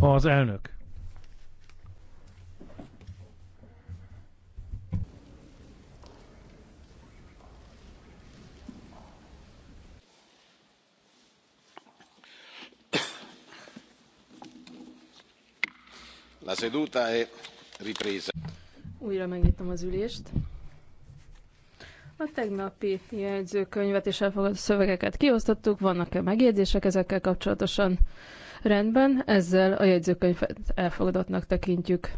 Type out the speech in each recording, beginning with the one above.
Az elnök. La seduta è ripresa. Újra megnyitom az ülést. A tegnapi jegyzőkönyvet és elfogadott szövegeket kiosztottuk. Vannak-e megjegyzések ezekkel kapcsolatosan? Rendben, ezzel a jegyzőkönyvet elfogadottnak tekintjük.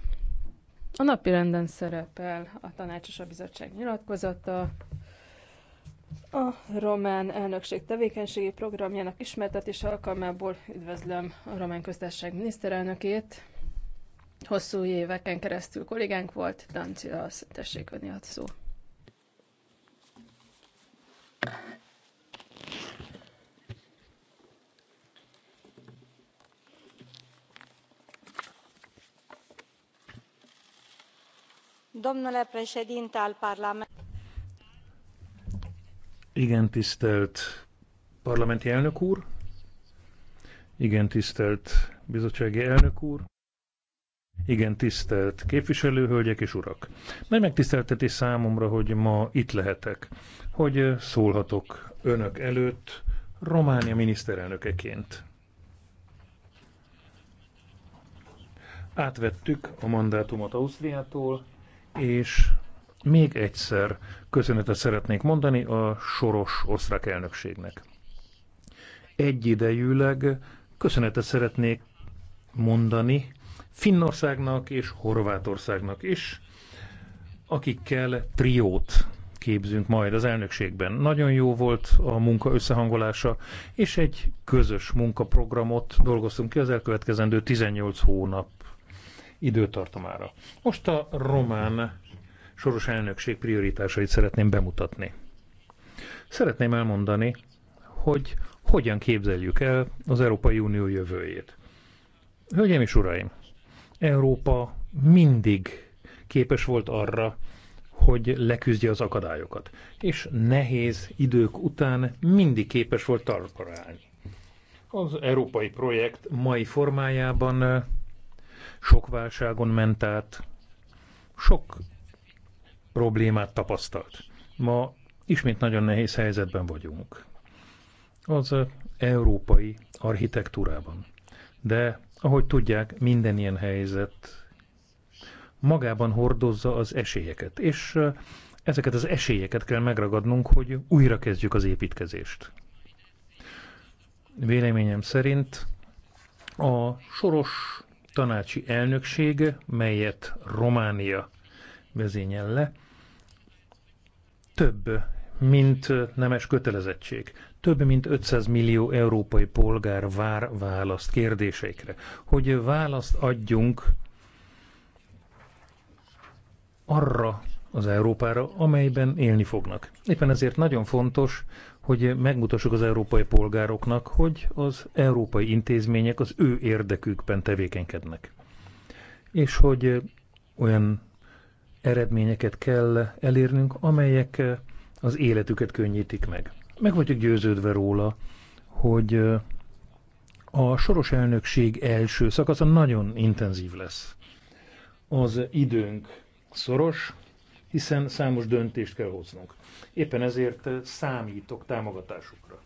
A napi renden szerepel a Tanácsos a Bizottság nyilatkozata, a román elnökség tevékenységi programjának ismertetés alkalmából üdvözlöm a román köztársaság miniszterelnökét. Hosszú éveken keresztül kollégánk volt, Dancila, tessék venni a szót domnule președinte al parlamentului igen tisztelt parlamenti elnök úr igen tisztelt bizottsági elnök úr igen, tisztelt képviselőhölgyek és urak! Nagy megtiszteltetés számomra, hogy ma itt lehetek, hogy szólhatok önök előtt Románia miniszterelnökeként. Átvettük a mandátumot Ausztriától, és még egyszer köszönetet szeretnék mondani a soros osztrák elnökségnek. Egyidejűleg köszönetet szeretnék mondani Finnországnak és Horvátországnak is, akikkel triót képzünk majd az elnökségben. Nagyon jó volt a munka összehangolása, és egy közös munkaprogramot dolgoztunk ki az elkövetkezendő 18 hónap időtartamára. Most a román soros elnökség prioritásait szeretném bemutatni. Szeretném elmondani, hogy hogyan képzeljük el az Európai Unió jövőjét. Hölgyeim és uraim, Európa mindig képes volt arra, hogy leküzdje az akadályokat. És nehéz idők után mindig képes volt talpra állni. Az európai projekt mai formájában eh, sok válságon ment át, sok problémát tapasztalt. Ma ismét nagyon nehéz helyzetben vagyunk. Az eh, európai architektúrában. De ahogy tudják, minden ilyen helyzet magában hordozza az esélyeket, és ezeket az esélyeket kell megragadnunk, hogy újra kezdjük az építkezést. Véleményem szerint a soros tanácsi elnökség, melyet Románia vezényel le, több, mint nemes kötelezettség. Több mint 500 millió európai polgár vár választ kérdéseikre. Hogy választ adjunk arra az Európára, amelyben élni fognak. Éppen ezért nagyon fontos, hogy megmutassuk az európai polgároknak, hogy az európai intézmények az ő érdekükben tevékenykednek. És hogy olyan eredményeket kell elérnünk, amelyek az életüket könnyítik meg. Meg vagyok győződve róla, hogy a soros elnökség első szakasza nagyon intenzív lesz. Az időnk szoros, hiszen számos döntést kell hoznunk. Éppen ezért számítok támogatásukra.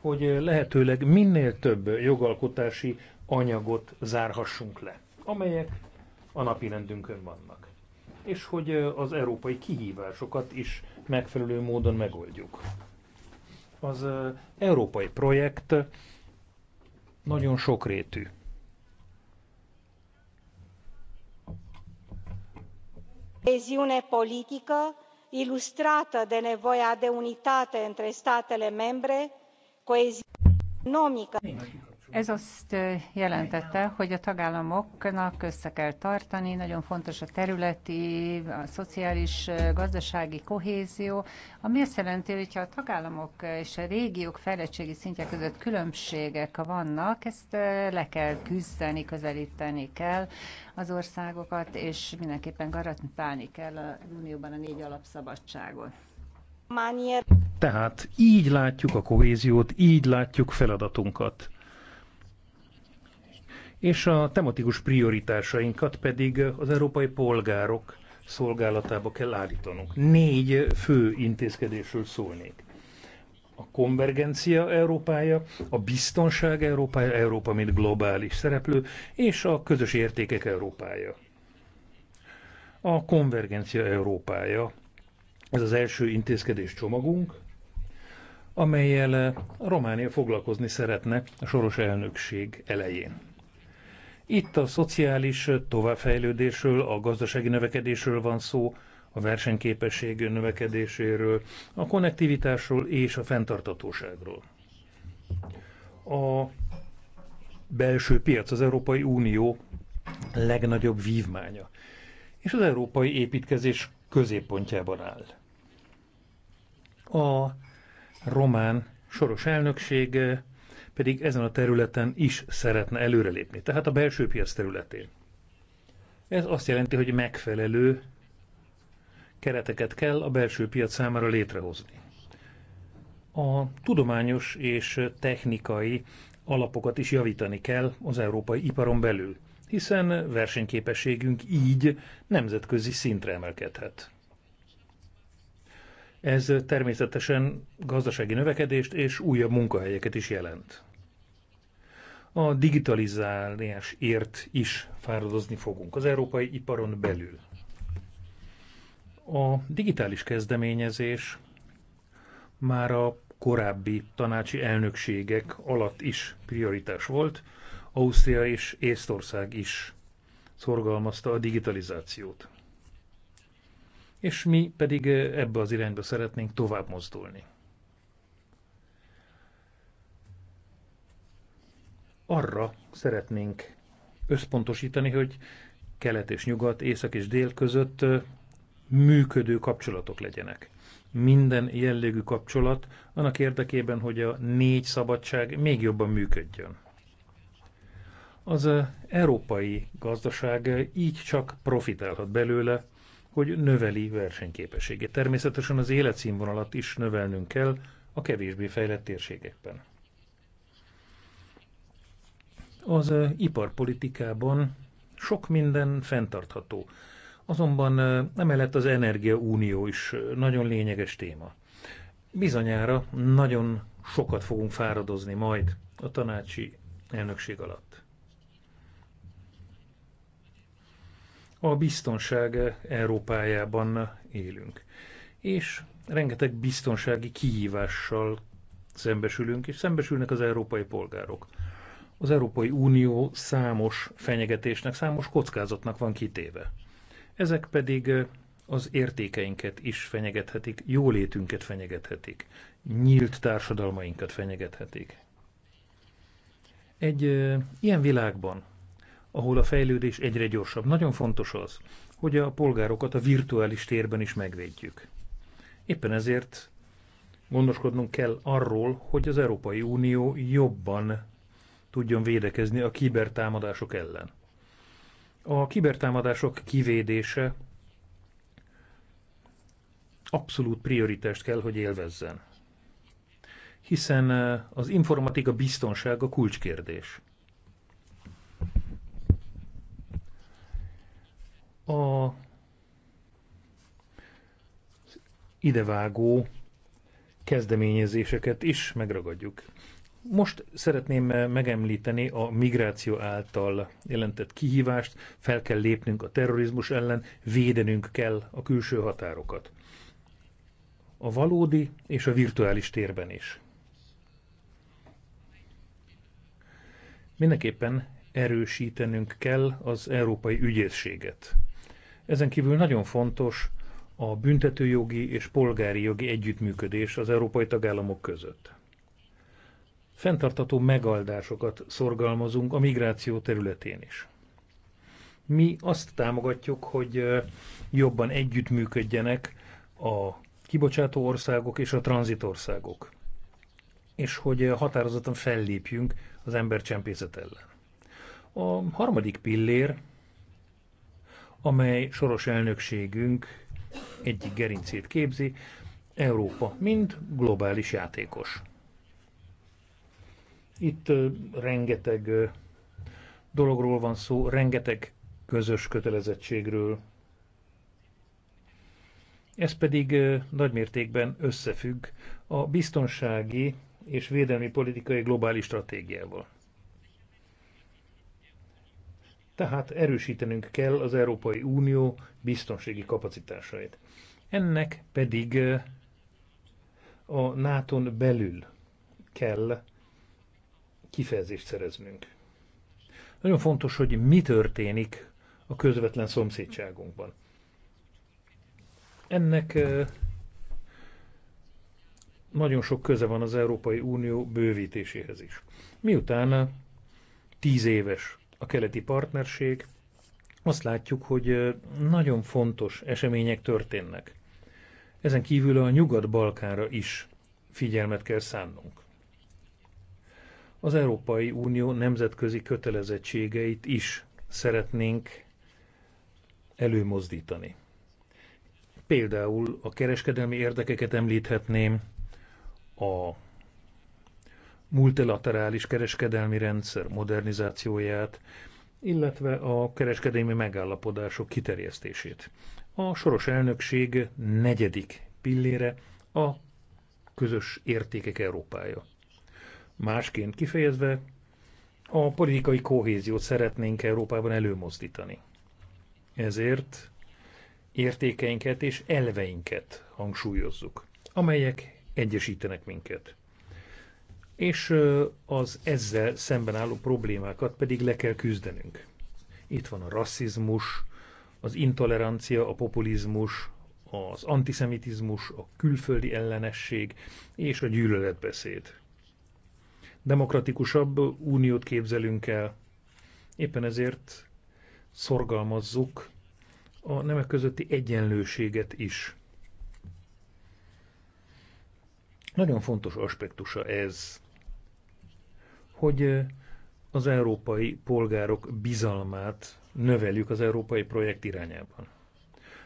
Hogy lehetőleg minél több jogalkotási anyagot zárhassunk le, amelyek a napi rendünkön vannak. És hogy az európai kihívásokat is megfelelő módon megoldjuk. Az európai projekt nagyon sokrétű. Coeziune politică illustrata de nevoia de unitate între statele membre, coeziune economică. Ez azt eh, jelentette, hogy a tagállamoknak össze kell tartani, nagyon fontos a területi, a szociális, eh, gazdasági kohézió, ami azt jelenti, hogy ha a tagállamok és a régiók fejlettségi szintje között különbségek vannak, ezt eh, le kell küzdeni, közelíteni kell az országokat, és mindenképpen garantálni kell a Unióban a négy alapszabadságot. Tehát így látjuk a kohéziót, így látjuk feladatunkat és a tematikus prioritásainkat pedig az európai polgárok szolgálatába kell állítanunk. Négy fő intézkedésről szólnék. A konvergencia Európája, a biztonság Európája, Európa mint globális szereplő, és a közös értékek Európája. A konvergencia Európája, ez az első intézkedés csomagunk, amelyel Románia foglalkozni szeretne a soros elnökség elején. Itt a szociális továbbfejlődésről, a gazdasági növekedésről van szó, a versenyképesség növekedéséről, a konnektivitásról és a fenntartatóságról. A belső piac az Európai Unió legnagyobb vívmánya, és az európai építkezés középpontjában áll. A román soros elnökség pedig ezen a területen is szeretne előrelépni, tehát a belső piac területén. Ez azt jelenti, hogy megfelelő kereteket kell a belső piac számára létrehozni. A tudományos és technikai alapokat is javítani kell az európai iparon belül, hiszen versenyképességünk így nemzetközi szintre emelkedhet. Ez természetesen gazdasági növekedést és újabb munkahelyeket is jelent a digitalizálásért is fáradozni fogunk az európai iparon belül. A digitális kezdeményezés már a korábbi tanácsi elnökségek alatt is prioritás volt, Ausztria és Észtország is szorgalmazta a digitalizációt. És mi pedig ebbe az irányba szeretnénk tovább mozdulni. arra szeretnénk összpontosítani, hogy kelet és nyugat, észak és dél között működő kapcsolatok legyenek. Minden jellegű kapcsolat annak érdekében, hogy a négy szabadság még jobban működjön. Az európai gazdaság így csak profitálhat belőle, hogy növeli versenyképességét. Természetesen az életszínvonalat is növelnünk kell a kevésbé fejlett térségekben. Az iparpolitikában sok minden fenntartható. Azonban emellett az energiaunió is nagyon lényeges téma. Bizonyára nagyon sokat fogunk fáradozni majd a tanácsi elnökség alatt. A biztonság Európájában élünk, és rengeteg biztonsági kihívással szembesülünk, és szembesülnek az európai polgárok. Az Európai Unió számos fenyegetésnek, számos kockázatnak van kitéve. Ezek pedig az értékeinket is fenyegethetik, jólétünket fenyegethetik, nyílt társadalmainkat fenyegethetik. Egy ilyen világban, ahol a fejlődés egyre gyorsabb, nagyon fontos az, hogy a polgárokat a virtuális térben is megvédjük. Éppen ezért gondoskodnunk kell arról, hogy az Európai Unió jobban tudjon védekezni a kibertámadások ellen. A kibertámadások kivédése abszolút prioritást kell, hogy élvezzen. Hiszen eh, az informatika biztonsága kulcskérdés. A idevágó kezdeményezéseket is megragadjuk. Most szeretném eh, megemlíteni a migráció által jelentett kihívást, fel kell lépnünk a terrorizmus ellen, védenünk kell a külső határokat. A valódi és a virtuális térben is. Mindenképpen erősítenünk kell az európai ügyészséget. Ezen kívül nagyon fontos a büntetőjogi és polgári jogi együttműködés az európai tagállamok között fenntartató megoldásokat szorgalmazunk a migráció területén is. Mi azt támogatjuk, hogy jobban együttműködjenek a kibocsátó országok és a tranzitországok, és hogy határozottan fellépjünk az embercsempészet ellen. A harmadik pillér, amely soros elnökségünk egyik gerincét képzi, Európa, mint globális játékos. Itt rengeteg dologról van szó, rengeteg közös kötelezettségről. Ez pedig nagymértékben összefügg a biztonsági és védelmi politikai globális stratégiával. Tehát erősítenünk kell az Európai Unió biztonsági kapacitásait. Ennek pedig a NATO-n belül kell kifejezést szereznünk. Nagyon fontos, hogy mi történik a közvetlen szomszédságunkban. Ennek nagyon sok köze van az Európai Unió bővítéséhez is. Miután tíz éves a keleti partnerség, azt látjuk, hogy nagyon fontos események történnek. Ezen kívül a Nyugat-Balkánra is figyelmet kell szánnunk az Európai Unió nemzetközi kötelezettségeit is szeretnénk előmozdítani. Például a kereskedelmi érdekeket említhetném, a multilaterális kereskedelmi rendszer modernizációját, illetve a kereskedelmi megállapodások kiterjesztését. A soros elnökség negyedik pillére a közös értékek Európája. Másként kifejezve, a politikai kohéziót szeretnénk Európában előmozdítani. Ezért értékeinket és elveinket hangsúlyozzuk, amelyek egyesítenek minket. És az ezzel szemben álló problémákat pedig le kell küzdenünk. Itt van a rasszizmus, az intolerancia, a populizmus, az antiszemitizmus, a külföldi ellenesség és a gyűlöletbeszéd demokratikusabb uniót képzelünk el. Éppen ezért szorgalmazzuk a nemek közötti egyenlőséget is. Nagyon fontos aspektusa ez, hogy az európai polgárok bizalmát növeljük az európai projekt irányában.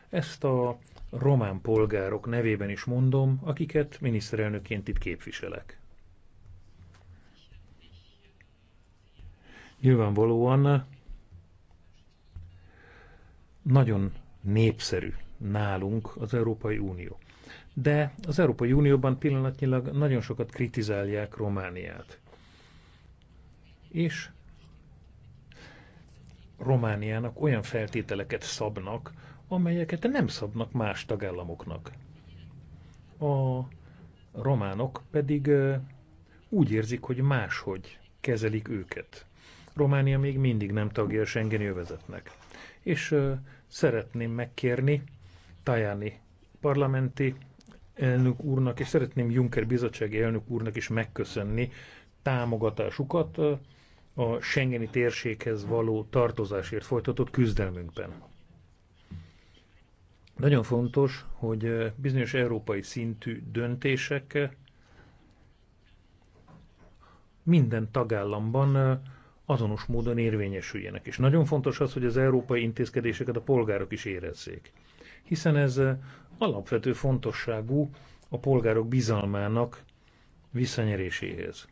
Ezt a román polgárok nevében is mondom, akiket miniszterelnökként itt képviselek. nyilvánvalóan nagyon népszerű nálunk az Európai Unió. De az Európai Unióban pillanatnyilag nagyon sokat kritizálják Romániát. És Romániának olyan feltételeket szabnak, amelyeket nem szabnak más tagállamoknak. A románok pedig úgy érzik, hogy máshogy kezelik őket. Románia még mindig nem tagja a Schengeni övezetnek. És szeretném megkérni Tajani parlamenti elnök úrnak, és szeretném Juncker bizottsági elnök úrnak is megköszönni támogatásukat a Schengeni térséghez való tartozásért folytatott küzdelmünkben. Nagyon fontos, hogy bizonyos európai szintű döntések minden tagállamban azonos módon érvényesüljenek. És nagyon fontos az, hogy az európai intézkedéseket a polgárok is érezzék. Hiszen ez eh, alapvető fontosságú a polgárok bizalmának visszanyeréséhez.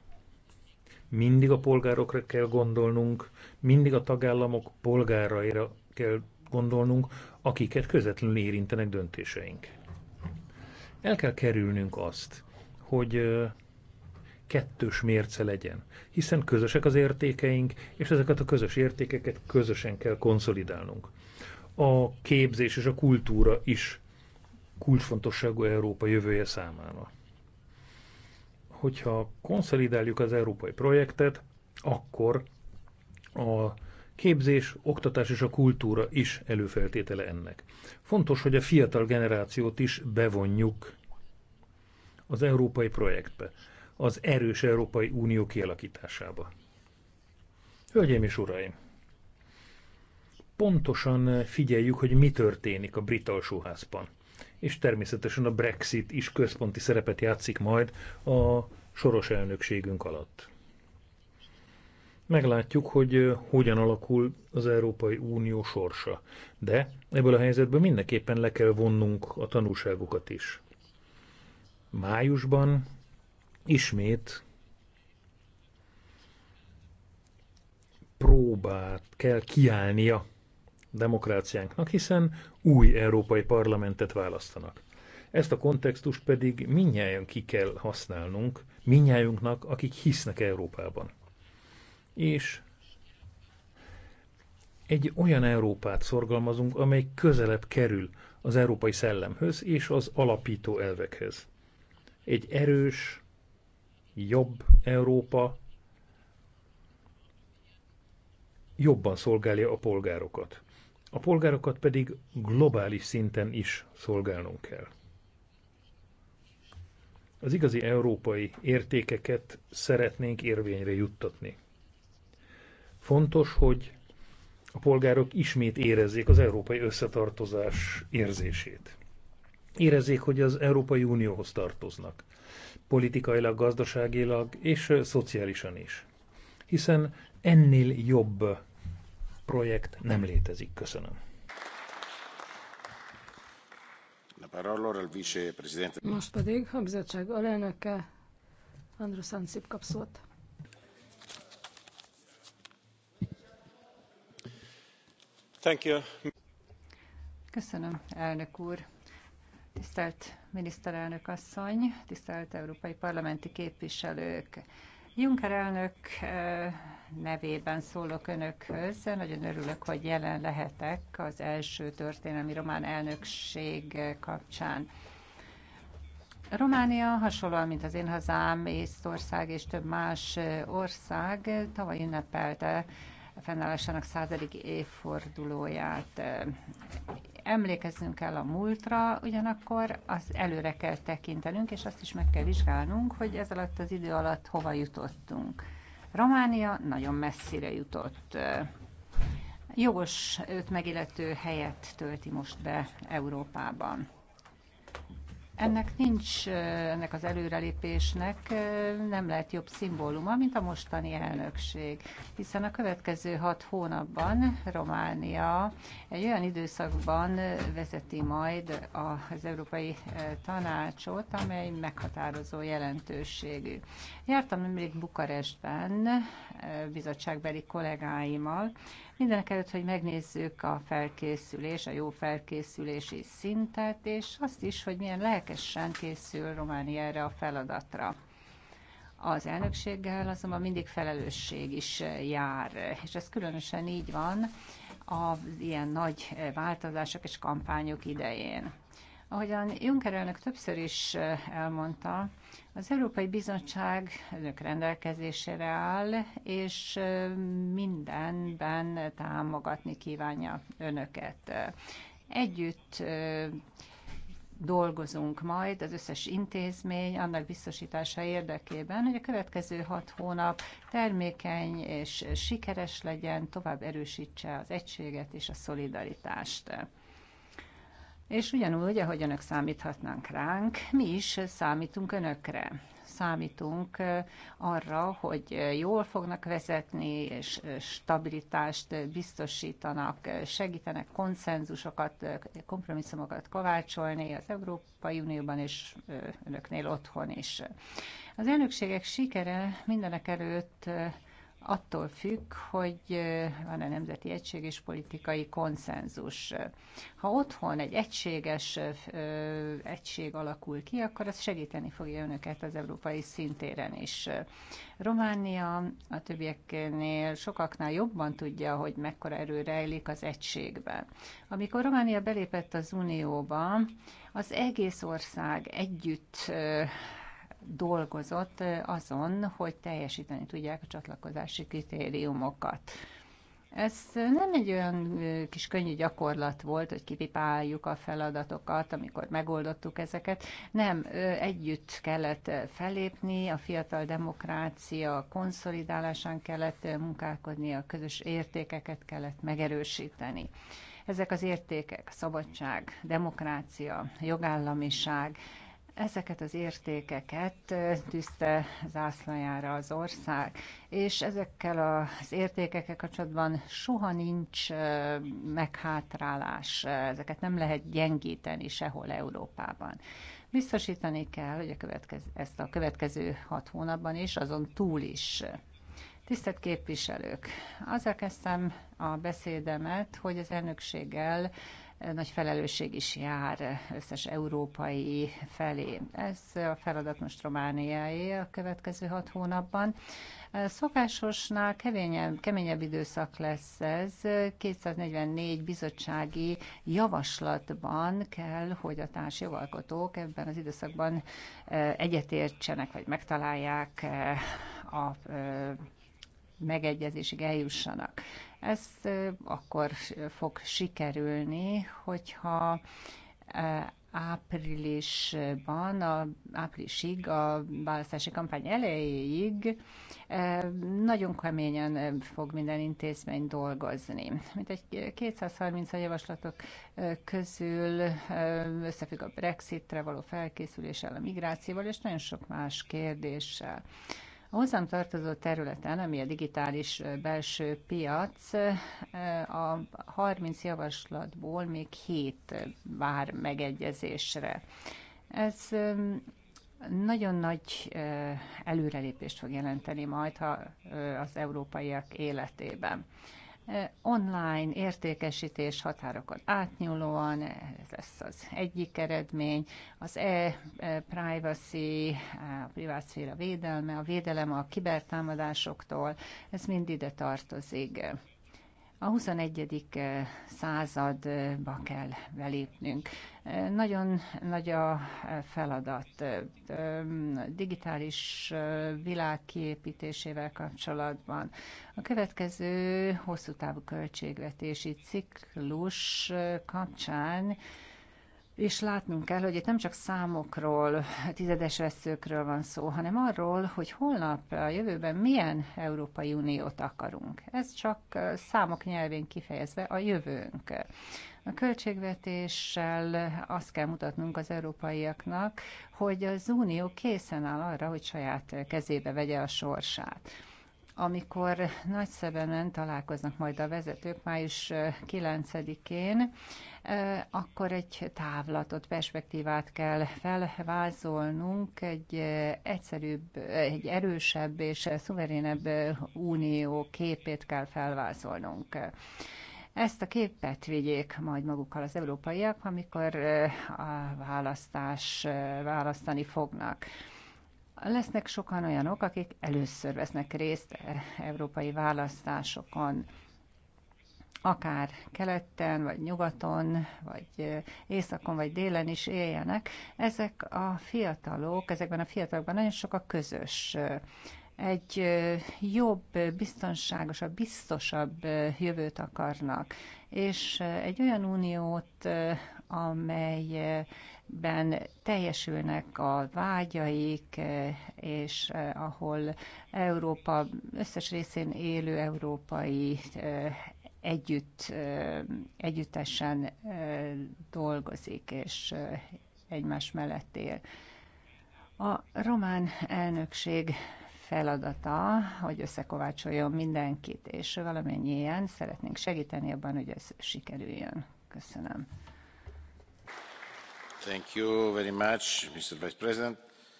Mindig a polgárokra kell gondolnunk, mindig a tagállamok polgáraira kell gondolnunk, akiket közvetlenül érintenek döntéseink. El kell kerülnünk azt, hogy eh, kettős mérce legyen, hiszen közösek az értékeink, és ezeket a közös értékeket közösen kell konszolidálnunk. A képzés és a kultúra is kulcsfontosságú Európa jövője számára. Hogyha konszolidáljuk az európai projektet, akkor a képzés, oktatás és a kultúra is előfeltétele ennek. Fontos, hogy a fiatal generációt is bevonjuk az európai projektbe az erős Európai Unió kialakításába. Hölgyeim és uraim! Pontosan figyeljük, hogy mi történik a brit alsóházban. És természetesen a Brexit is központi szerepet játszik majd a soros elnökségünk alatt. Meglátjuk, hogy eh, hogyan alakul az Európai Unió sorsa. De ebből a helyzetből mindenképpen le kell vonnunk a tanulságokat is. Májusban Ismét próbát kell kiállnia demokráciánknak, hiszen új európai parlamentet választanak. Ezt a kontextust pedig minnyáján ki kell használnunk, minnyájunknak, akik hisznek Európában. És egy olyan Európát szorgalmazunk, amely közelebb kerül az európai szellemhöz és az alapító elvekhez. Egy erős, jobb Európa jobban szolgálja a polgárokat. A polgárokat pedig globális szinten is szolgálnunk kell. Az igazi európai értékeket szeretnénk érvényre juttatni. Fontos, hogy a polgárok ismét érezzék az európai összetartozás érzését. Érezzék, hogy az Európai Unióhoz tartoznak politikailag, gazdaságilag és szociálisan is. Hiszen ennél jobb projekt nem létezik. Köszönöm. Most pedig a bizottság alelnöke Andrus Ancip kap szót. Thank you. Köszönöm, elnök úr. Tisztelt miniszterelnök asszony, tisztelt európai parlamenti képviselők! Juncker elnök eh, nevében szólok önökhöz. Nagyon örülök, hogy jelen lehetek az első történelmi román elnökség kapcsán. Románia hasonlóan, mint az én hazám, Észtország és több más eh, ország tavaly ünnepelte fennállásának századik évfordulóját. Emlékeznünk kell a múltra, ugyanakkor az előre kell tekintenünk, és azt is meg kell vizsgálnunk, hogy ez alatt az idő alatt hova jutottunk. Románia nagyon messzire jutott. Jogos őt megillető helyet tölti most be Európában. Ennek nincs, ennek az előrelépésnek nem lehet jobb szimbóluma, mint a mostani elnökség, hiszen a következő hat hónapban Románia egy olyan időszakban vezeti majd az Európai Tanácsot, amely meghatározó jelentőségű. Jártam nemrég Bukarestben bizottságbeli kollégáimmal, Mindenek előtt, hogy megnézzük a felkészülés, a jó felkészülési szintet, és azt is, hogy milyen lelkesen készül Románia erre a feladatra. Az elnökséggel azonban mindig felelősség is jár, és ez különösen így van az ilyen nagy változások és kampányok idején. Ahogyan Juncker elnök többször is elmondta, az Európai Bizottság önök rendelkezésére áll, és mindenben támogatni kívánja önöket. Együtt dolgozunk majd az összes intézmény annak biztosítása érdekében, hogy a következő hat hónap termékeny és sikeres legyen, tovább erősítse az egységet és a szolidaritást. És ugyanúgy, ahogy önök számíthatnánk ránk, mi is számítunk önökre. Számítunk arra, hogy jól fognak vezetni, és stabilitást biztosítanak, segítenek konszenzusokat, kompromisszumokat kovácsolni az Európai Unióban és önöknél otthon is. Az elnökségek sikere mindenek előtt attól függ, hogy van-e nemzeti egység és politikai konszenzus. Ha otthon egy egységes egység alakul ki, akkor ez segíteni fogja önöket az európai szintéren is. Románia a többieknél sokaknál jobban tudja, hogy mekkora erő rejlik az egységben. Amikor Románia belépett az Unióba, az egész ország együtt dolgozott azon, hogy teljesíteni tudják a csatlakozási kritériumokat. Ez nem egy olyan kis könnyű gyakorlat volt, hogy kipipáljuk a feladatokat, amikor megoldottuk ezeket. Nem, együtt kellett felépni, a fiatal demokrácia konszolidálásán kellett munkálkodni, a közös értékeket kellett megerősíteni. Ezek az értékek, szabadság, demokrácia, jogállamiság, Ezeket az értékeket tűzte zászlajára az ország, és ezekkel az értékekkel kapcsolatban soha nincs meghátrálás, ezeket nem lehet gyengíteni sehol Európában. Biztosítani kell, hogy a következő, ezt a következő hat hónapban is, azon túl is Tisztelt képviselők! Azzal kezdtem a beszédemet, hogy az elnökséggel nagy felelősség is jár összes európai felé. Ez a feladat most Romániáé a következő hat hónapban. Szokásosnál keményebb, keményebb időszak lesz ez. 244 bizottsági javaslatban kell, hogy a társjogalkotók ebben az időszakban e, egyetértsenek, vagy megtalálják e, a e, megegyezésig eljussanak. Ez akkor fog sikerülni, hogyha áprilisban, a, áprilisig, a választási kampány elejéig nagyon keményen fog minden intézmény dolgozni. Mint egy 230 javaslatok közül összefügg a Brexitre való felkészüléssel, a migrációval és nagyon sok más kérdéssel. A hozzám tartozó területen, ami a digitális belső piac, a 30 javaslatból még 7 vár megegyezésre. Ez nagyon nagy előrelépést fog jelenteni majd ha az európaiak életében online értékesítés határokon átnyúlóan, eh, ez lesz az egyik eredmény, az e-privacy, a privátszféra védelme, a védelem a kibertámadásoktól, ez mind ide tartozik. A 21. Eh, századba kell belépnünk. Eh, nagyon nagy a eh, feladat. Digitális világ kiépítésével kapcsolatban. A következő hosszú távú költségvetési ciklus kapcsán és látnunk kell, hogy itt nem csak számokról, tizedes veszőkről van szó, hanem arról, hogy holnap, a jövőben milyen Európai Uniót akarunk. Ez csak számok nyelvén kifejezve a jövőnk. A költségvetéssel azt kell mutatnunk az európaiaknak, hogy az Unió készen áll arra, hogy saját kezébe vegye a sorsát amikor nagy szebenen találkoznak majd a vezetők május 9-én, akkor egy távlatot, perspektívát kell felvázolnunk, egy egyszerűbb, egy erősebb és szuverénebb unió képét kell felvázolnunk. Ezt a képet vigyék majd magukkal az európaiak, amikor a választás, választani fognak lesznek sokan olyanok, akik először vesznek részt e, európai választásokon, akár keleten, vagy nyugaton, vagy e, északon, vagy délen is éljenek. Ezek a fiatalok, ezekben a fiatalokban nagyon sok a közös e, egy jobb, biztonságosabb, biztosabb jövőt akarnak, és egy olyan uniót, amely ben teljesülnek a vágyaik, és eh, ahol Európa összes részén élő európai eh, együtt, eh, együttesen dolgozik, és egymás mellett él. A román elnökség feladata, hogy összekovácsoljon mindenkit, és valamennyien szeretnénk segíteni abban, hogy ez sikerüljön. Köszönöm.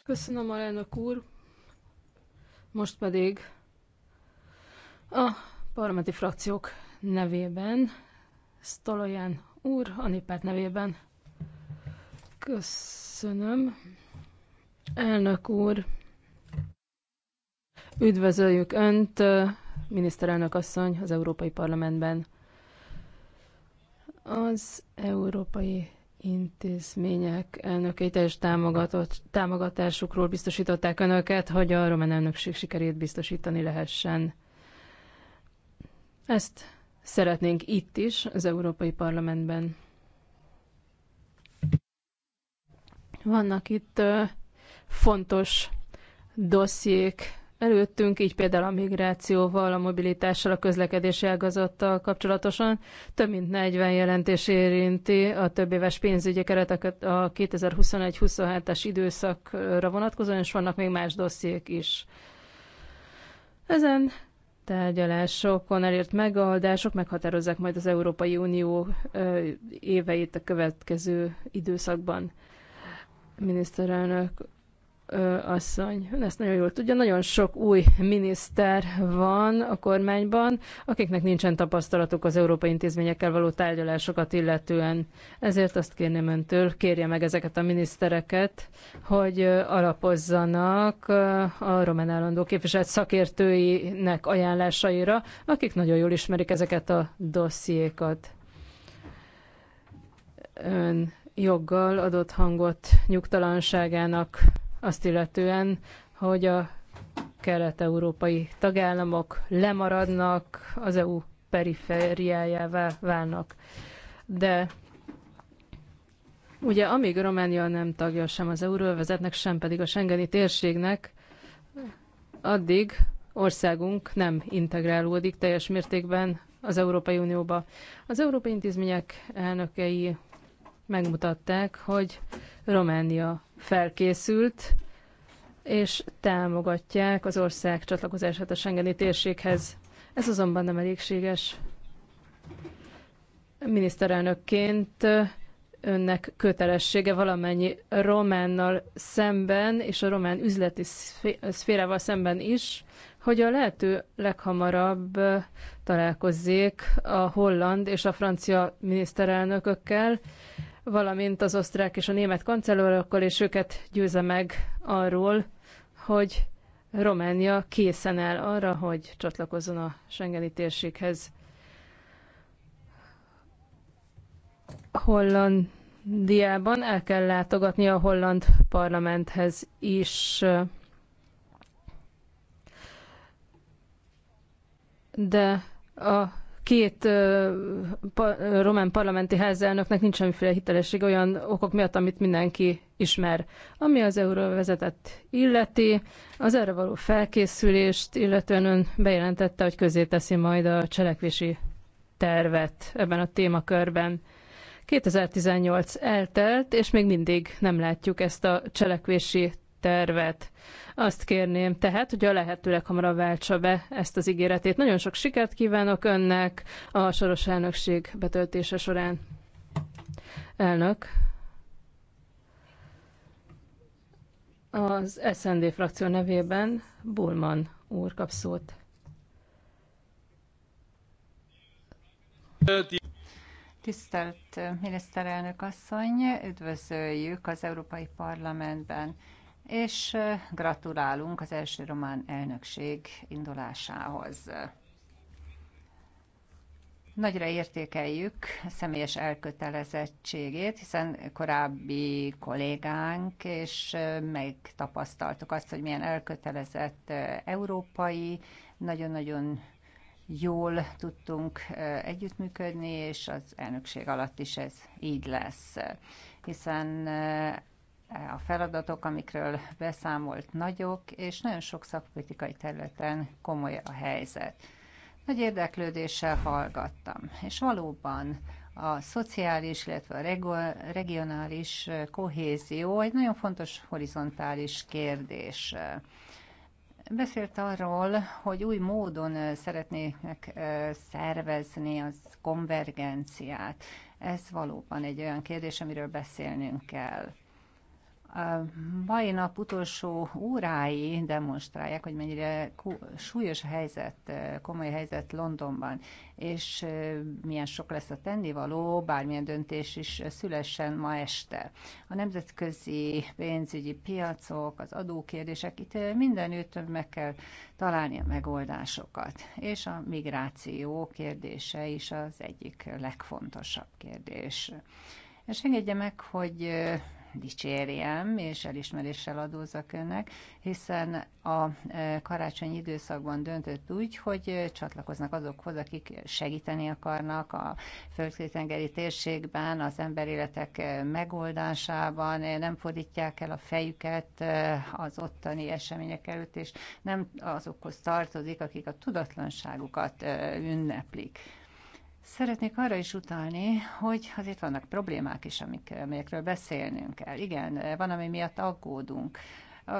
Köszönöm, alelnök úr. Most pedig a parlamenti frakciók nevében, Stolojan úr a néppárt nevében. Köszönöm. Elnök úr, üdvözöljük Önt, miniszterelnök asszony az Európai Parlamentben. Az Európai intézmények elnökei teljes támogatásukról biztosították önöket, hogy a román elnökség sikerét biztosítani lehessen. Ezt szeretnénk itt is, az Európai Parlamentben. Vannak itt fontos dossziék, előttünk, így például a migrációval, a mobilitással, a közlekedési ágazattal kapcsolatosan. Több mint 40 jelentés érinti a több éves pénzügyi kereteket a 2021-27-es időszakra vonatkozóan, és vannak még más dossziék is. Ezen tárgyalásokon elért megoldások meghatározzák majd az Európai Unió éveit a következő időszakban. Miniszterelnök asszony, ön ezt nagyon jól tudja, nagyon sok új miniszter van a kormányban, akiknek nincsen tapasztalatuk az európai intézményekkel való tárgyalásokat illetően. Ezért azt kérném öntől, kérje meg ezeket a minisztereket, hogy alapozzanak a román állandó képviselt szakértőinek ajánlásaira, akik nagyon jól ismerik ezeket a dossziékat. Ön joggal adott hangot nyugtalanságának azt illetően, hogy a kelet-európai tagállamok lemaradnak, az EU perifériájává válnak. De ugye amíg Románia nem tagja sem az euróvezetnek, sem pedig a Schengeni térségnek, addig országunk nem integrálódik teljes mértékben az Európai Unióba. Az európai intézmények elnökei megmutatták, hogy Románia felkészült, és támogatják az ország csatlakozását a Schengeni térséghez. Ez azonban nem elégséges. Miniszterelnökként önnek kötelessége valamennyi románnal szemben, és a román üzleti szférával szemben is, hogy a lehető leghamarabb találkozzék a holland és a francia miniszterelnökökkel, valamint az osztrák és a német kancellárokkal, és őket győzze meg arról, hogy Románia készen áll arra, hogy csatlakozzon a Schengeni térséghez. Hollandiában el kell látogatni a holland parlamenthez is. De a két pa, román parlamenti házelnöknek nincs semmiféle hitelesség olyan okok miatt, amit mindenki ismer. Ami az euróvezetet illeti, az erre való felkészülést, illetően ön bejelentette, hogy közé teszi majd a cselekvési tervet ebben a témakörben. 2018 eltelt, és még mindig nem látjuk ezt a cselekvési tervet. Azt kérném tehát, hogy a lehetőleg hamarabb váltsa be ezt az ígéretét. Nagyon sok sikert kívánok önnek a soros elnökség betöltése során. Elnök. Az SND frakció nevében Bulman úr kap szót. Tisztelt miniszterelnök asszony, üdvözöljük az Európai Parlamentben és gratulálunk az első román elnökség indulásához. Nagyra értékeljük a személyes elkötelezettségét, hiszen korábbi kollégánk, és megtapasztaltuk azt, hogy milyen elkötelezett európai, nagyon-nagyon jól tudtunk együttműködni, és az elnökség alatt is ez így lesz, hiszen a feladatok, amikről beszámolt nagyok, és nagyon sok szakpolitikai területen komoly a helyzet. Nagy érdeklődéssel hallgattam, és valóban a szociális, illetve a regionális kohézió egy nagyon fontos horizontális kérdés. Beszélt arról, hogy új módon szeretnének szervezni az konvergenciát. Ez valóban egy olyan kérdés, amiről beszélnünk kell a mai nap utolsó órái demonstrálják, hogy mennyire súlyos helyzet, komoly helyzet Londonban, és milyen sok lesz a tennivaló, bármilyen döntés is szülessen ma este. A nemzetközi pénzügyi piacok, az adókérdések, itt mindenütt meg kell találni a megoldásokat. És a migráció kérdése is az egyik legfontosabb kérdés. És engedje meg, hogy dicsérjem, és elismeréssel adózzak önnek, hiszen a e, karácsonyi időszakban döntött úgy, hogy csatlakoznak azokhoz, akik segíteni akarnak a földtengeri térségben, az emberéletek e, megoldásában, e, nem fordítják el a fejüket az ottani események előtt, és nem azokhoz tartozik, akik a tudatlanságukat ünneplik. Szeretnék arra is utalni, hogy azért vannak problémák is, amik, amikről beszélnünk kell. Igen, van, ami miatt aggódunk. A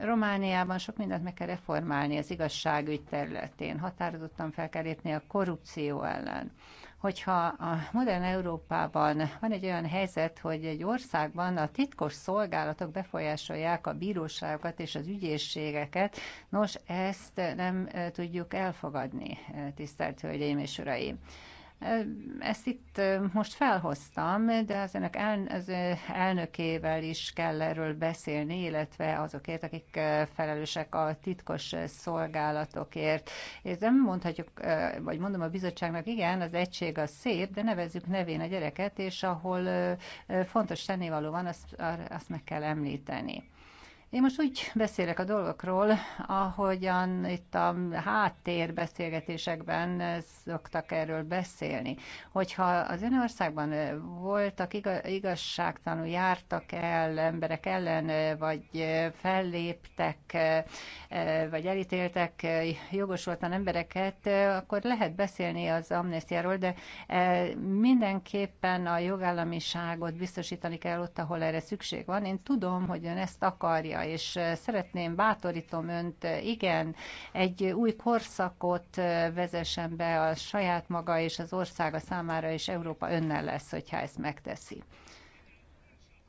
Romániában sok mindent meg kell reformálni az igazságügy területén, határozottan fel kell lépni a korrupció ellen. Hogyha a modern Európában van egy olyan helyzet, hogy egy országban a titkos szolgálatok befolyásolják a bíróságokat és az ügyészségeket, nos, ezt nem eh, tudjuk elfogadni, eh, tisztelt Hölgyeim és Uraim. Ezt itt most felhoztam, de az önök el, az elnökével is kell erről beszélni, illetve azokért, akik felelősek a titkos szolgálatokért. És nem mondhatjuk, vagy mondom a bizottságnak, igen, az egység az szép, de nevezzük nevén a gyereket, és ahol fontos tennivaló van, azt, azt meg kell említeni. Én most úgy beszélek a dolgokról, ahogyan itt a háttérbeszélgetésekben szoktak erről beszélni. Hogyha az ön országban voltak igazságtanú, jártak el emberek ellen, vagy felléptek, vagy elítéltek jogosultan embereket, akkor lehet beszélni az amnestiáról, de mindenképpen a jogállamiságot biztosítani kell ott, ahol erre szükség van. Én tudom, hogy ön ezt akarja, és szeretném, bátorítom önt, igen, egy új korszakot vezessen be a saját maga és az országa számára, és Európa önnel lesz, hogyha ezt megteszi.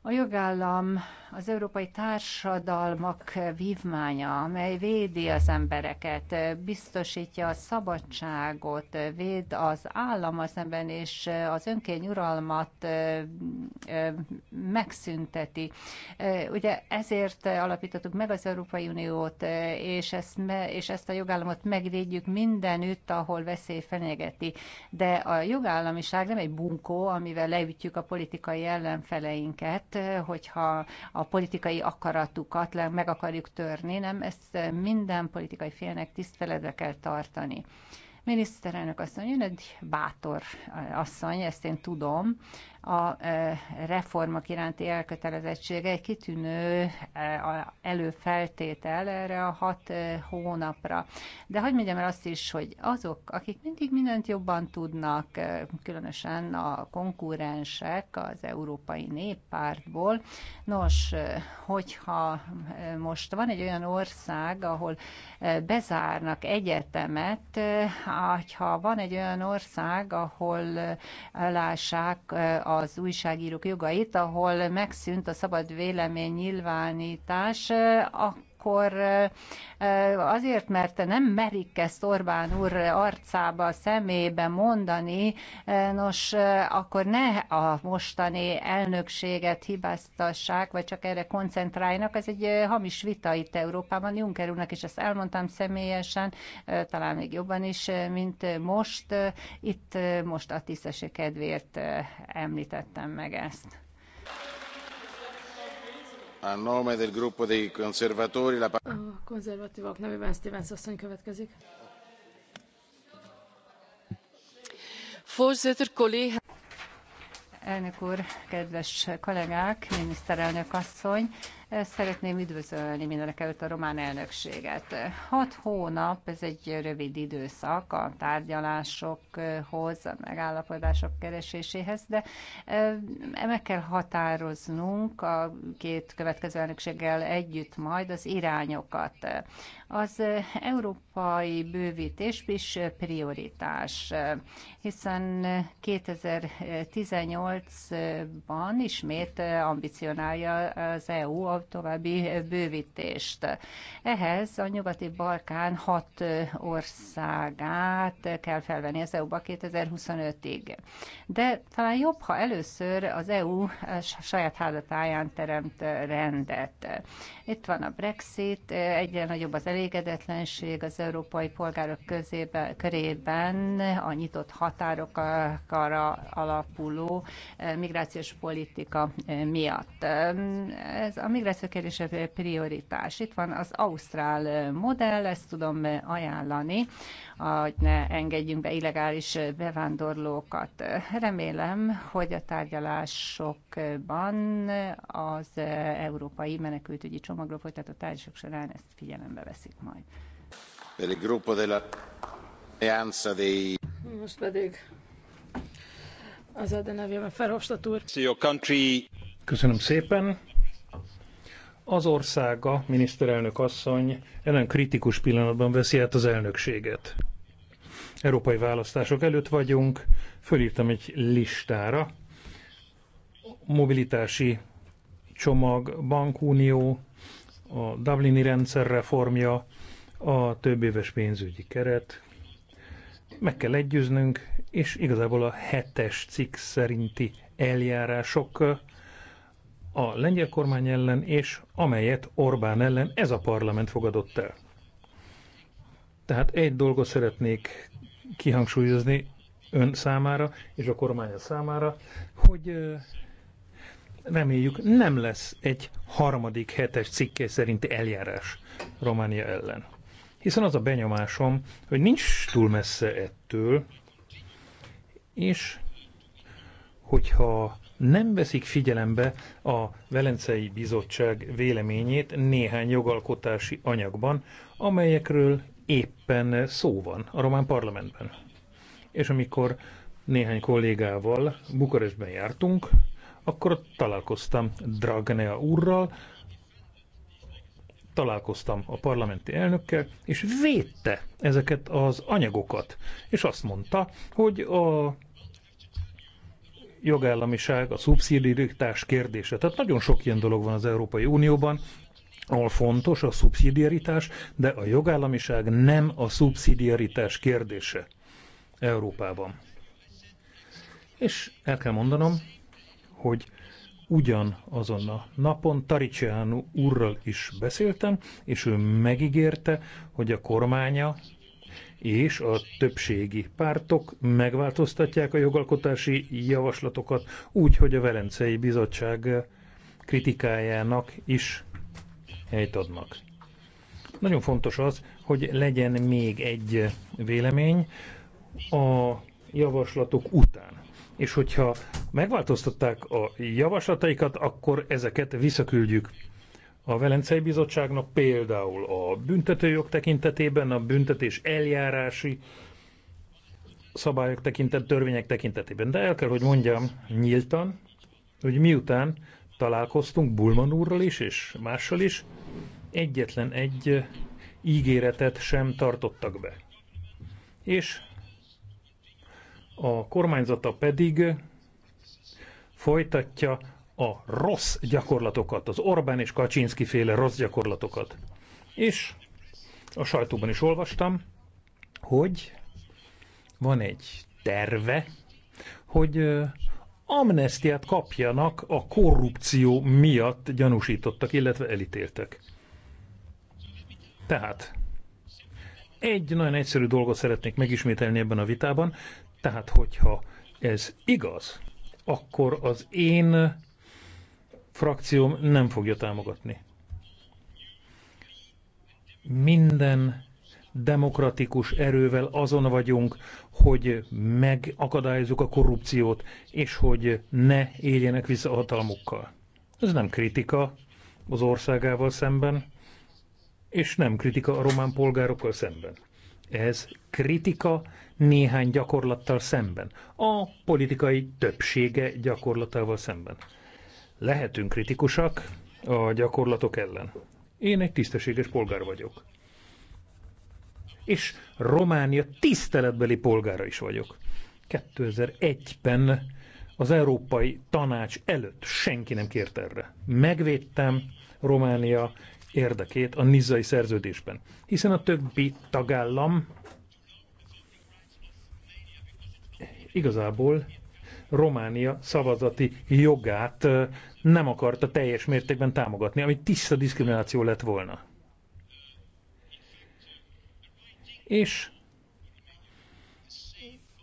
A jogállam az európai társadalmak vívmánya, amely védi az embereket, biztosítja a szabadságot, véd az állam szemben, és az önkény uralmat megszünteti. Ugye ezért alapítottuk meg az Európai Uniót, és ezt, és ezt a jogállamot megvédjük mindenütt, ahol veszély fenyegeti. De a jogállamiság nem egy bunkó, amivel leütjük a politikai ellenfeleinket, hogyha a politikai akaratukat meg akarjuk törni, nem, ezt minden politikai félnek tiszteletbe kell tartani miniszterelnök asszony, ön egy bátor eh, asszony, ezt én tudom, a e, reformok iránti elkötelezettsége egy kitűnő e, előfeltétel erre a hat e, hónapra. De hogy mondjam el azt is, hogy azok, akik mindig mindent jobban tudnak, különösen a konkurensek az Európai Néppártból, nos, hogyha most van egy olyan ország, ahol bezárnak egyetemet, ha van egy olyan ország, ahol lássák a az újságírók jogait, ahol megszűnt a szabad vélemény nyilvánítás, akkor akkor azért, mert nem merik ezt Orbán úr arcába, szemébe mondani, nos, akkor ne a mostani elnökséget hibáztassák, vagy csak erre koncentráljanak. Ez egy hamis vita itt Európában. Juncker úrnak is ezt elmondtam személyesen, talán még jobban is, mint most. Itt most a tisztesség kedvéért említettem meg ezt konzervatívok nevében Stevens asszony következik. Elnök úr, kedves kollégák, miniszterelnök asszony! Szeretném üdvözölni mindenek előtt a román elnökséget. Hat hónap, ez egy rövid időszak a tárgyalásokhoz, a megállapodások kereséséhez, de meg kell határoznunk a két következő elnökséggel együtt majd az irányokat. Az európai bővítés is prioritás, hiszen 2018-ban ismét ambicionálja az EU a további bővítést. Ehhez a nyugati Balkán hat országát kell felvenni az EU-ba 2025-ig. De talán jobb, ha először az EU saját házatáján teremt rendet. Itt van a Brexit, egyre nagyobb az elégedetlenség az európai polgárok közébe, körében a nyitott határokra alapuló migrációs politika miatt. Ez a migrációs a prioritás. Itt van az ausztrál modell, ezt tudom ajánlani, hogy ne engedjünk be illegális bevándorlókat. Remélem, hogy a tárgyalásokban az európai menekültügyi csomagról folytatott tárgyalások során ezt figyelembe veszik majd. Most pedig az a nevében Ferhofstadt úr. Köszönöm szépen az országa, miniszterelnök asszony, ellen kritikus pillanatban veszi át az elnökséget. Európai választások előtt vagyunk, fölírtam egy listára. Mobilitási csomag, bankunió, a Dublini rendszer reformja, a éves pénzügyi keret. Meg kell együznünk, és igazából a hetes cikk szerinti eljárások a lengyel kormány ellen, és amelyet Orbán ellen ez a parlament fogadott el. Tehát egy dolgot szeretnék kihangsúlyozni ön számára és a kormánya számára, hogy reméljük nem lesz egy harmadik hetes cikke szerinti eljárás Románia ellen. Hiszen az a benyomásom, hogy nincs túl messze ettől, és hogyha nem veszik figyelembe a Velencei Bizottság véleményét néhány jogalkotási anyagban, amelyekről éppen szó van a román parlamentben. És amikor néhány kollégával Bukarestben jártunk, akkor találkoztam Dragnea úrral, találkoztam a parlamenti elnökkel, és védte ezeket az anyagokat. És azt mondta, hogy a jogállamiság, a szubszidiaritás kérdése. Tehát nagyon sok ilyen dolog van az Európai Unióban, ahol fontos a szubszidiaritás, de a jogállamiság nem a szubszidiaritás kérdése Európában. És el kell mondanom, hogy ugyan azon a napon Taricsiánu úrral is beszéltem, és ő megígérte, hogy a kormánya és a többségi pártok megváltoztatják a jogalkotási javaslatokat úgy, hogy a Velencei Bizottság kritikájának is helyt adnak. Nagyon fontos az, hogy legyen még egy vélemény a javaslatok után. És hogyha megváltoztatták a javaslataikat, akkor ezeket visszaküldjük a Velencei Bizottságnak például a büntetőjog tekintetében, a büntetés eljárási szabályok tekintetében, törvények tekintetében. De el kell, hogy mondjam nyíltan, hogy miután találkoztunk Bulman úrral is, és mással is, egyetlen egy ígéretet sem tartottak be. És a kormányzata pedig folytatja a rossz gyakorlatokat, az Orbán és Kaczynski féle rossz gyakorlatokat. És a sajtóban is olvastam, hogy van egy terve, hogy amnestiát kapjanak a korrupció miatt gyanúsítottak, illetve elítéltek. Tehát egy nagyon egyszerű dolgot szeretnék megismételni ebben a vitában, tehát hogyha ez igaz, akkor az én frakcióm nem fogja támogatni. Minden demokratikus erővel azon vagyunk, hogy megakadályozzuk a korrupciót, és hogy ne éljenek vissza a hatalmukkal. Ez nem kritika az országával szemben, és nem kritika a román polgárokkal szemben. Ez kritika néhány gyakorlattal szemben, a politikai többsége gyakorlatával szemben. Lehetünk kritikusak a gyakorlatok ellen. Én egy tisztességes polgár vagyok. És Románia tiszteletbeli polgára is vagyok. 2001-ben az Európai Tanács előtt senki nem kért erre. Megvédtem Románia érdekét a nizzai szerződésben, hiszen a többi tagállam igazából Románia szavazati jogát nem akarta teljes mértékben támogatni, ami tiszta diszkrimináció lett volna. És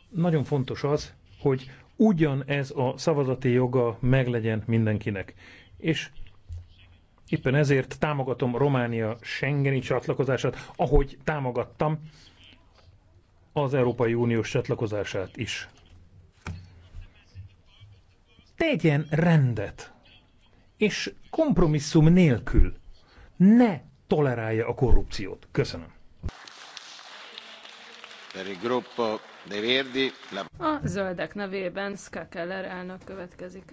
nagyon fontos az, hogy ugyanez a szavazati joga meglegyen mindenkinek. És éppen ezért támogatom Románia Schengeni csatlakozását, ahogy támogattam az Európai Uniós csatlakozását is tegyen rendet, és kompromisszum nélkül ne tolerálja a korrupciót. Köszönöm. A zöldek nevében Ska Keller elnök következik.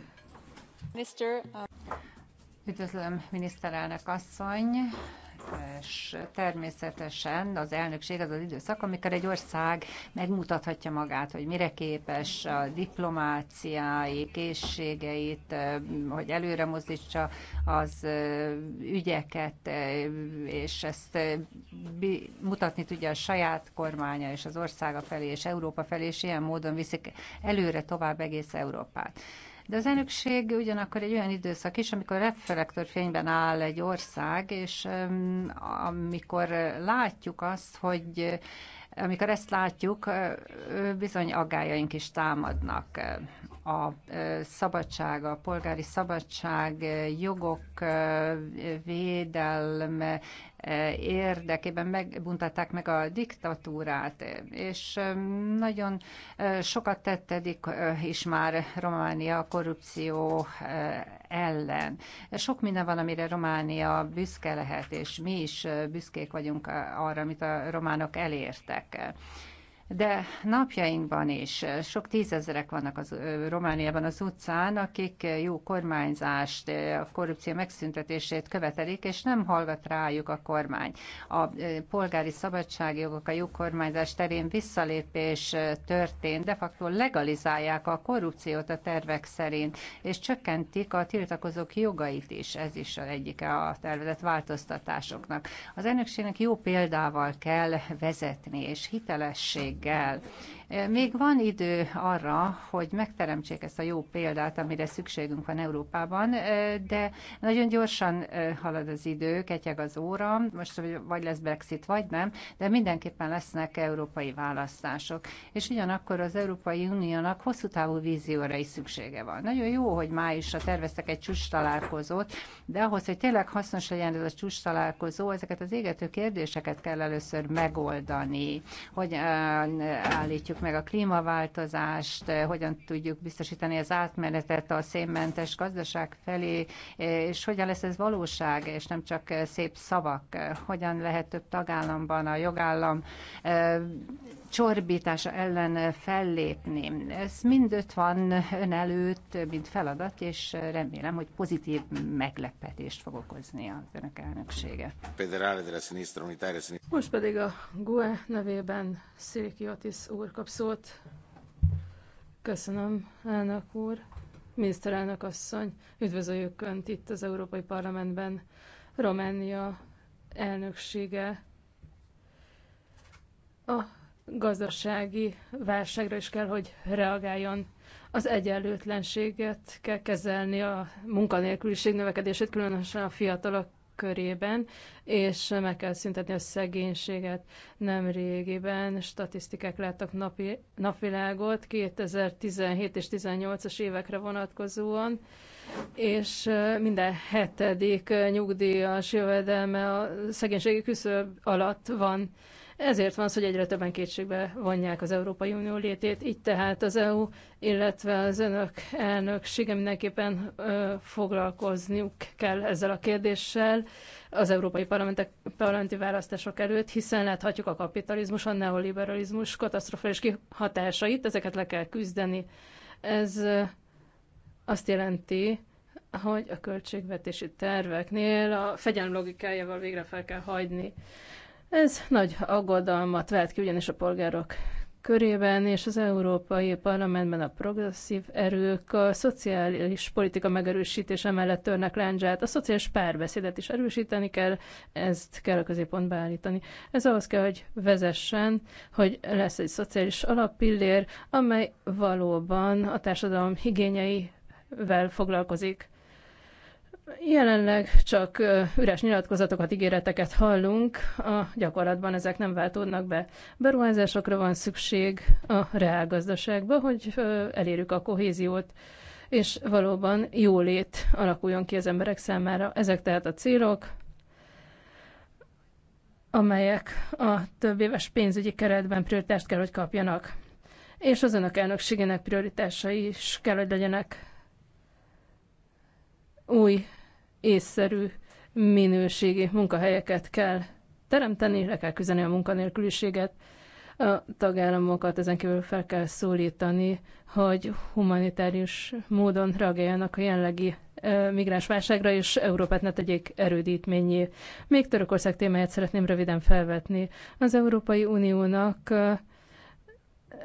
Mr. Uh- Üdvözlöm, miniszterelnök asszony! és természetesen az elnökség az az időszak, amikor egy ország megmutathatja magát, hogy mire képes a diplomáciái, készségeit, hogy előre mozdítsa az ügyeket, és ezt mutatni tudja a saját kormánya és az országa felé és Európa felé, és ilyen módon viszik előre tovább egész Európát. De az elnökség ugyanakkor egy olyan időszak is, amikor reflektorfényben áll egy ország, és amikor látjuk azt, hogy amikor ezt látjuk, bizony aggájaink is támadnak. A szabadság, a polgári szabadság, jogok védelme, érdekében megbuntatták meg a diktatúrát, és nagyon sokat tettedik is már Románia korrupció ellen. Sok minden van, amire Románia büszke lehet, és mi is büszkék vagyunk arra, amit a románok elértek de napjainkban is sok tízezerek vannak az, Romániában az utcán, akik jó kormányzást, a korrupció megszüntetését követelik, és nem hallgat rájuk a kormány. A polgári szabadságjogok, a jó kormányzás terén visszalépés történt, de facto legalizálják a korrupciót a tervek szerint, és csökkentik a tiltakozók jogait is. Ez is egyike a tervezett változtatásoknak. Az elnökségnek jó példával kell vezetni, és hitelesség minőséggel. Még van idő arra, hogy megteremtsék ezt a jó példát, amire szükségünk van Európában, de nagyon gyorsan halad az idő, ketyeg az óra, most vagy lesz Brexit, vagy nem, de mindenképpen lesznek európai választások. És ugyanakkor az Európai Uniónak hosszú távú vízióra is szüksége van. Nagyon jó, hogy májusra terveztek egy csúcs találkozót, de ahhoz, hogy tényleg hasznos legyen ez a csúcs találkozó, ezeket az égető kérdéseket kell először megoldani, hogy állítjuk Nézzük meg a klímaváltozást, eh, hogyan tudjuk biztosítani az átmenetet a szénmentes gazdaság felé, eh, és hogyan lesz ez valóság, és nem csak eh, szép szavak, hogyan lehet több tagállamban a jogállam csorbítása ellen fellépni. Ez mind ott van ön előtt, mint feladat, és remélem, hogy pozitív meglepetést fog okozni az önök elnöksége. Most pedig a GUE nevében Otis úr kap szót. Köszönöm, elnök úr. Miniszterelnök asszony, üdvözöljük Önt itt az Európai Parlamentben. Románia elnöksége a gazdasági válságra is kell, hogy reagáljon. Az egyenlőtlenséget kell kezelni, a munkanélküliség növekedését, különösen a fiatalok körében, és meg kell szüntetni a szegénységet. Nem régiben statisztikák láttak napi, napvilágot 2017 és 18 as évekre vonatkozóan, és minden hetedik nyugdíjas jövedelme a szegénységi küszöb alatt van. Ezért van az, hogy egyre többen kétségbe vonják az Európai Unió létét, így tehát az EU, illetve az önök elnöksége mindenképpen ö, foglalkozniuk kell ezzel a kérdéssel az európai parlamentek, parlamenti választások előtt, hiszen láthatjuk a kapitalizmus, a neoliberalizmus katasztrofális kihatásait, ezeket le kell küzdeni. Ez azt jelenti, hogy a költségvetési terveknél a fegyelm logikájával végre fel kell hagyni. Ez nagy aggodalmat vált ki ugyanis a polgárok körében és az Európai Parlamentben a progresszív erők a szociális politika megerősítése mellett törnek láncsát. A szociális párbeszédet is erősíteni kell, ezt kell a középpontba állítani. Ez ahhoz kell, hogy vezessen, hogy lesz egy szociális alappillér, amely valóban a társadalom igényeivel foglalkozik. Jelenleg csak üres nyilatkozatokat, ígéreteket hallunk, a gyakorlatban ezek nem váltódnak be. Beruházásokra van szükség a reálgazdaságba, hogy elérjük a kohéziót, és valóban jólét alakuljon ki az emberek számára. Ezek tehát a célok, amelyek a több éves pénzügyi keretben prioritást kell, hogy kapjanak. És az önök elnökségének prioritásai is kell, hogy legyenek új észszerű minőségi munkahelyeket kell teremteni, le kell küzdeni a munkanélküliséget, a tagállamokat ezen kívül fel kell szólítani, hogy humanitárius módon reagáljanak a jelenlegi migránsválságra, és Európát ne tegyék erődítményé. Még Törökország témáját szeretném röviden felvetni. Az Európai Uniónak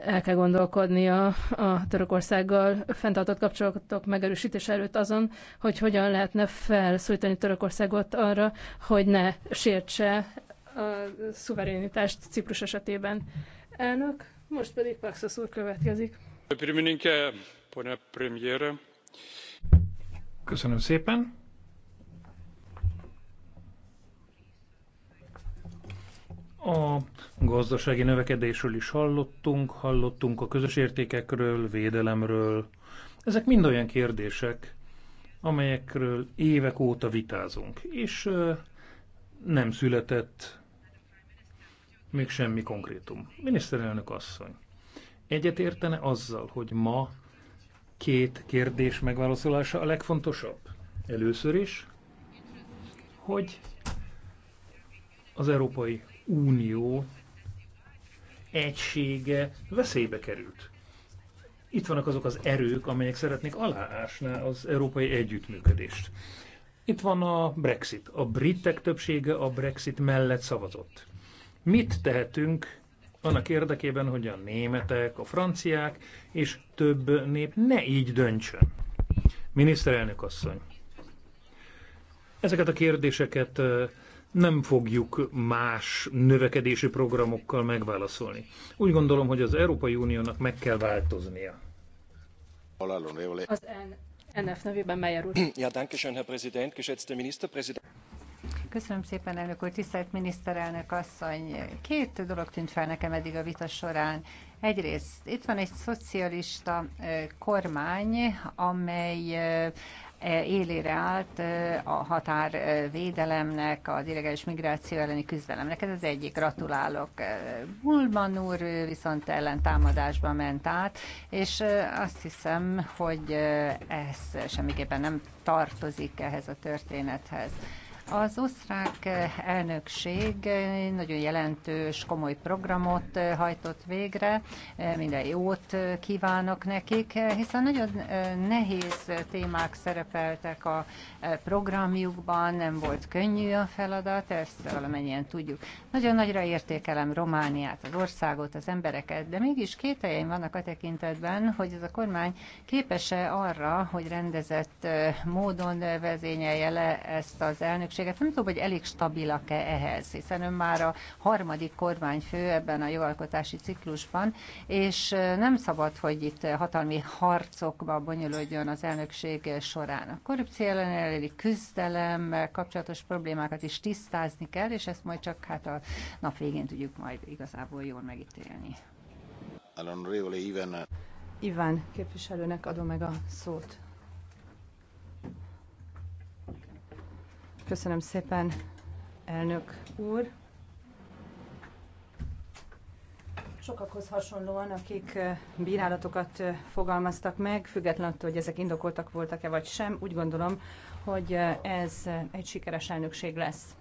el kell gondolkodnia a Törökországgal fenntartott kapcsolatok megerősítése előtt azon, hogy hogyan lehetne felszólítani Törökországot arra, hogy ne sértse a szuverenitást Ciprus esetében. Elnök, most pedig Paxos úr következik. Köszönöm szépen. A gazdasági növekedésről is hallottunk, hallottunk a közös értékekről, védelemről. Ezek mind olyan kérdések, amelyekről évek óta vitázunk, és nem született még semmi konkrétum. Miniszterelnök asszony, egyet értene azzal, hogy ma két kérdés megválaszolása a legfontosabb? Először is, hogy az Európai Unió egysége veszélybe került. Itt vannak azok az erők, amelyek szeretnék aláásni az európai együttműködést. Itt van a Brexit. A britek többsége a Brexit mellett szavazott. Mit tehetünk annak érdekében, hogy a németek, a franciák és több nép ne így döntsön? Miniszterelnök asszony, ezeket a kérdéseket nem fogjuk más növekedési programokkal megválaszolni. Úgy gondolom, hogy az Európai Uniónak meg kell változnia. Az NF nevében Meyer úr. Ja, danke schön, Herr Präsident, geschätzte Ministerpräsident. Köszönöm szépen, elnök úr, tisztelt miniszterelnök asszony. Két dolog tűnt fel nekem eddig a vita során. Egyrészt itt van egy szocialista kormány, amely élére állt a határvédelemnek, az illegális migráció elleni küzdelemnek. Ez az egyik, gratulálok. Bulman úr viszont ellen támadásba ment át, és azt hiszem, hogy ez semmiképpen nem tartozik ehhez a történethez. Az osztrák eh, elnökség eh, nagyon jelentős, komoly programot eh, hajtott végre, minden jót kívánok nekik, hiszen nagyon nehéz témák szerepeltek a programjukban, nem volt könnyű a feladat, ezt valamennyien tudjuk. Nagyon nagyra értékelem Romániát, az országot, az embereket, de mégis kételjeim vannak a tekintetben, hogy ez a kormány képes-e arra, hogy rendezett módon vezényelje le ezt az elnökséget, ügynökséget. Nem tudom, hogy elég stabilak-e ehhez, hiszen ön már a harmadik kormányfő ebben a jogalkotási ciklusban, és nem szabad, hogy itt hatalmi harcokba bonyolódjon az elnökség során. A korrupció elleni küzdelem kapcsolatos problémákat is tisztázni kell, és ezt majd csak hát a nap végén tudjuk majd igazából jól megítélni. Iván képviselőnek adom meg a szót. Köszönöm szépen, elnök úr. Sokakhoz hasonlóan, akik bírálatokat fogalmaztak meg, független attól, hogy ezek indokoltak voltak-e vagy sem, úgy gondolom, hogy ez egy sikeres elnökség lesz.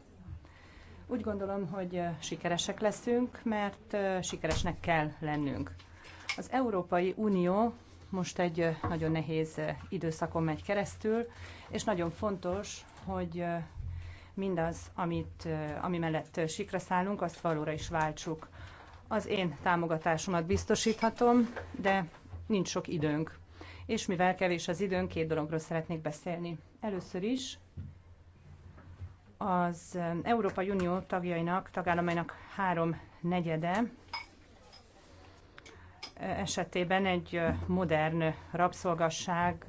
Úgy gondolom, hogy sikeresek leszünk, mert sikeresnek kell lennünk. Az Európai Unió most egy nagyon nehéz időszakon megy keresztül, és nagyon fontos, hogy mindaz, amit, ami mellett sikra szállunk, azt valóra is váltsuk. Az én támogatásomat biztosíthatom, de nincs sok időnk. És mivel kevés az időnk, két dologról szeretnék beszélni. Először is az Európai Unió tagjainak, tagállamainak három negyede esetében egy modern rabszolgasság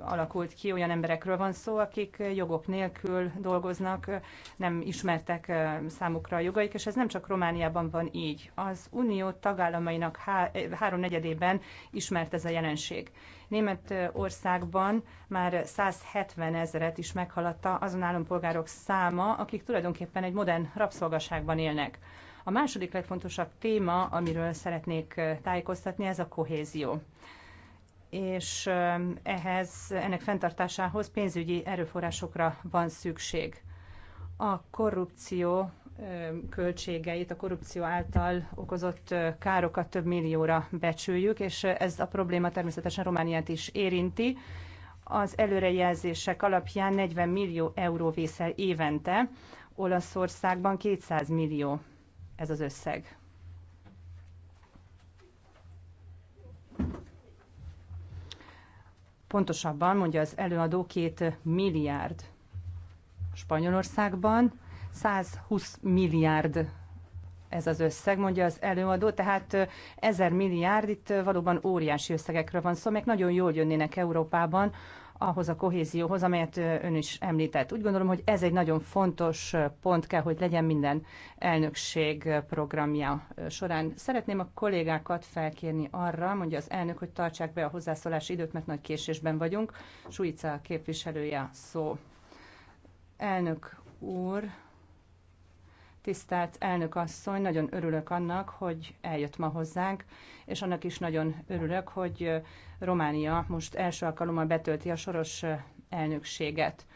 alakult ki, olyan emberekről van szó, akik jogok nélkül dolgoznak, nem ismertek számukra a jogaik, és ez nem csak Romániában van így. Az Unió tagállamainak há- háromnegyedében ismert ez a jelenség. Németországban már 170 ezeret is meghaladta azon állampolgárok száma, akik tulajdonképpen egy modern rabszolgaságban élnek. A második legfontosabb téma, amiről szeretnék tájékoztatni, ez a kohézió és ehhez, ennek fenntartásához pénzügyi erőforrásokra van szükség. A korrupció költségeit, a korrupció által okozott károkat több millióra becsüljük, és ez a probléma természetesen Romániát is érinti. Az előrejelzések alapján 40 millió euró vészel évente, Olaszországban 200 millió ez az összeg. Pontosabban mondja az előadó két milliárd Spanyolországban, 120 milliárd ez az összeg, mondja az előadó, tehát ezer milliárd, itt valóban óriási összegekről van szó, szóval még nagyon jól jönnének Európában, ahhoz a kohézióhoz, amelyet ön is említett. Úgy gondolom, hogy ez egy nagyon fontos pont kell, hogy legyen minden elnökség programja során. Szeretném a kollégákat felkérni arra, mondja az elnök, hogy tartsák be a hozzászólási időt, mert nagy késésben vagyunk. Suica képviselője szó. Elnök úr, Tisztelt elnök asszony, nagyon örülök annak, hogy eljött ma hozzánk, és annak is nagyon örülök, hogy Románia most első alkalommal betölti a soros elnökséget.